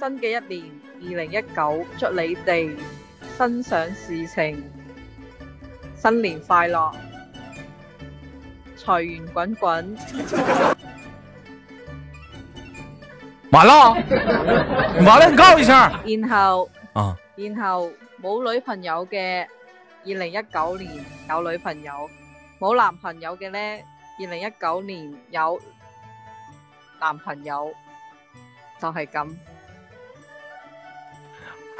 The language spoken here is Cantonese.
新嘅一年二零一九，祝你哋心想事成，新年快樂，財源滾滾。完啦，完啦，你告訴我一聲。然後，啊，然後冇女朋友嘅二零一九年有女朋友，冇男朋友嘅咧，二零一九年有男朋友，就係咁。